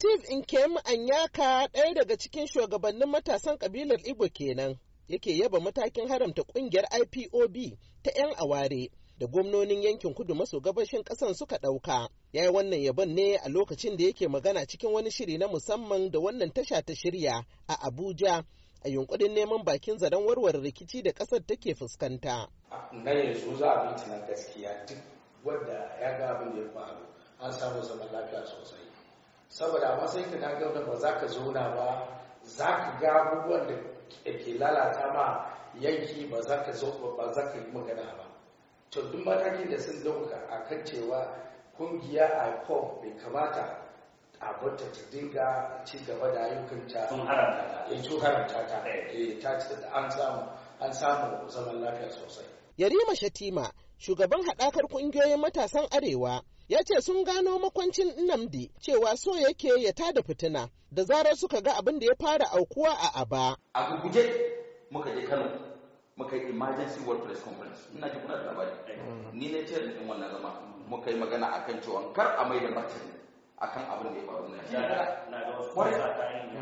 Steve Nkem Anyaka ɗaya daga cikin shugabannin matasan ƙabilar Igbo kenan yake yaba matakin haramta ƙungiyar IPOB ta 'yan aware da gwamnonin yankin kudu maso gabashin ƙasan suka ɗauka. Ya yi wannan yabon ne a lokacin da yake magana cikin wani shiri na musamman da wannan tasha ta shirya a Abuja a yunkurin neman bakin zaren warware rikici da ƙasar take fuskanta. Na yanzu za a bi gaskiya duk wanda ya ga abin da ya faru an samu zaman lafiya sosai. saboda amma sai ka ga gauna ba za ka zauna ba za ka ga abubuwan da ke lalata ma yanki ba za ka zo ba za ka yi magana ba to duk matakin da sun dauka a kan cewa kungiya a pop bai kamata a bata ta dinga ci gaba da ayyukanta Sun haramta ta eh, sun haramta ta eh. Eh, ta ci an samu an samu zaman lafiya sosai yarima shatima shugaban haɗakar ƙungiyoyin matasan arewa ya ce sun gano makwancin Nnamdi cewa so yake ya tada fitina da zarar suka ga abin da ya fara aukuwa a aba. A guguje muka je Kano muka yi emergency world press conference ina ji kuna da labari ni ne ce da wannan zama muka yi magana akan cewa kar a mai da martani akan abin da ya faru na shi na ga wasu kwarai mu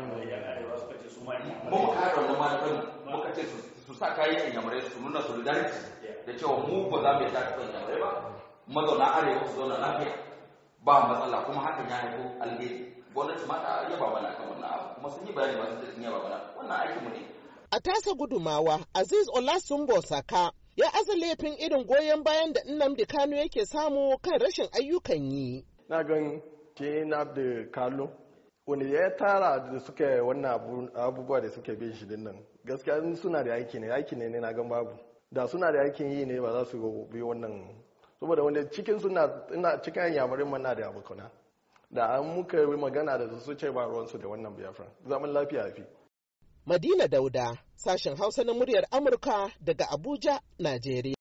muka haɗa wani malamin muka ce su sa kayan yamurai su nuna solidarity da cewa mu ba za mu yi ta kasan yamurai ba mazauna arewa su zauna lafiya ba matsala kuma haka ya haifo alheri gwamnati ma ta yaba mana kan wannan abu kuma sun yi bayani masu da sun yaba mana wannan aikin mu ne a tasa gudumawa aziz olasungo saka ya aza laifin irin goyon bayan da nnamdi kano yake samu kan rashin ayyukan yi na gan ke nnamdi kano wani ya tara da suke wannan abubuwa da suke bin shi dinnan gaskiya suna da aiki ne aiki ne na gan babu da suna da aikin yi ne ba za su bi wannan saboda wanda cikin suna ina cikin yamarin mana da abokana da an muka yi magana da su ce ba su da wannan biafran zaman lafiya fi madina dauda sashen hausa na muryar amurka daga abuja najeriya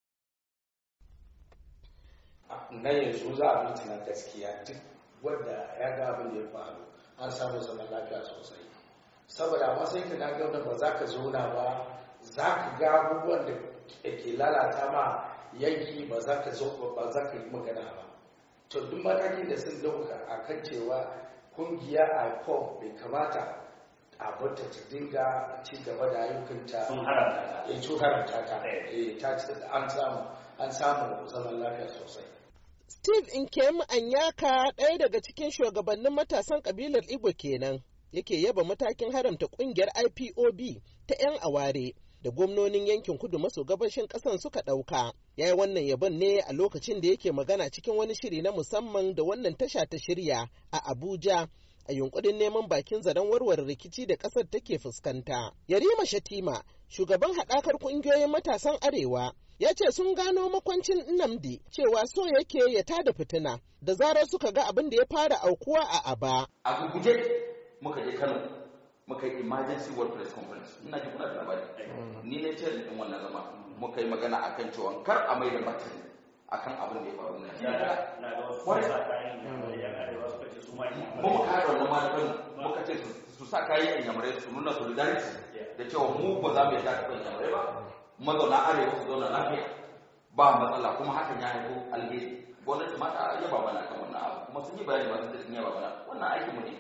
na yanzu za a na gaskiya duk wadda ya ga abin da ya faru an samu zaman lafiya sosai saboda sai ka na gwamna ba za ka zauna ba za ka ga abubuwan da ke lalata ma yanki ba za ka zo ba za ka yi magana ba to duk matakin da sun dauka a kan cewa kungiya a pop bai kamata a bata ta dinga ci gaba da ayyukanta sun haramta ta eh, sun haramta ta eh. Eh, ta an samu an samu zaman lafiya sosai Steve Nkem Anyaka ɗaya daga cikin shugabannin matasan ƙabilar Igbo kenan yake yaba matakin haramta ƙungiyar IPOB ta 'yan aware. da gwamnonin yankin kudu maso gabashin ƙasan suka ɗauka. Ya yi wannan yabon ne a lokacin da yake magana cikin wani shiri na musamman da wannan tasha ta shirya a Abuja a yunkurin neman bakin zaren warware rikici da ƙasar take fuskanta. Yarima Shatima, shugaban haɗakar ƙungiyoyin matasan Arewa, ya ce sun gano makwancin Nnamdi cewa so yake ya tada fitina da zarar suka ga abin da ya fara aukuwa a aba. A guje muka je Kano muka yi emergency world press conference ina ji kuna da labari mm. ni ne ce din wannan zama muka yi magana akan cewa kar a mai da martani akan abin da ya faru na mm. ba mu kare wannan malamin muka ce su sa kayan yamurai su nuna solidarity da cewa mu ba za mu yi dafa yamurai ba mazauna arewa su zauna lafiya ba matsala kuma hakan ya haifo alheri gwamnati mata ya ba mana kan na abu kuma sun yi bayani ba sun yi mana wannan aikin mu ne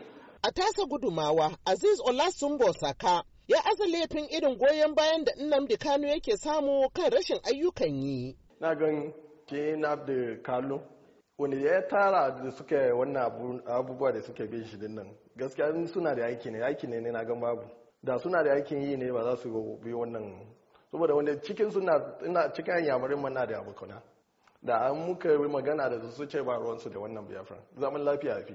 A tasa gudumawa, Aziz Olasumbo Saka ya aza laifin irin goyon bayan da Nnamdi Kano yake samu kan rashin ayyukan yi. Na gan ke Nnamdi Kano, wani ya tara da suke wannan abubuwa da suke bin shi dinnan. Gaskiya suna da aiki ne, aiki ne na gan babu. Da suna da aikin yi ne ba za su bi wannan. Saboda wanda cikin suna ina cikin yamarin mana da abokana. Da an muka magana da su ce ba ruwansu da wannan biyafran. Zaman lafiya fi.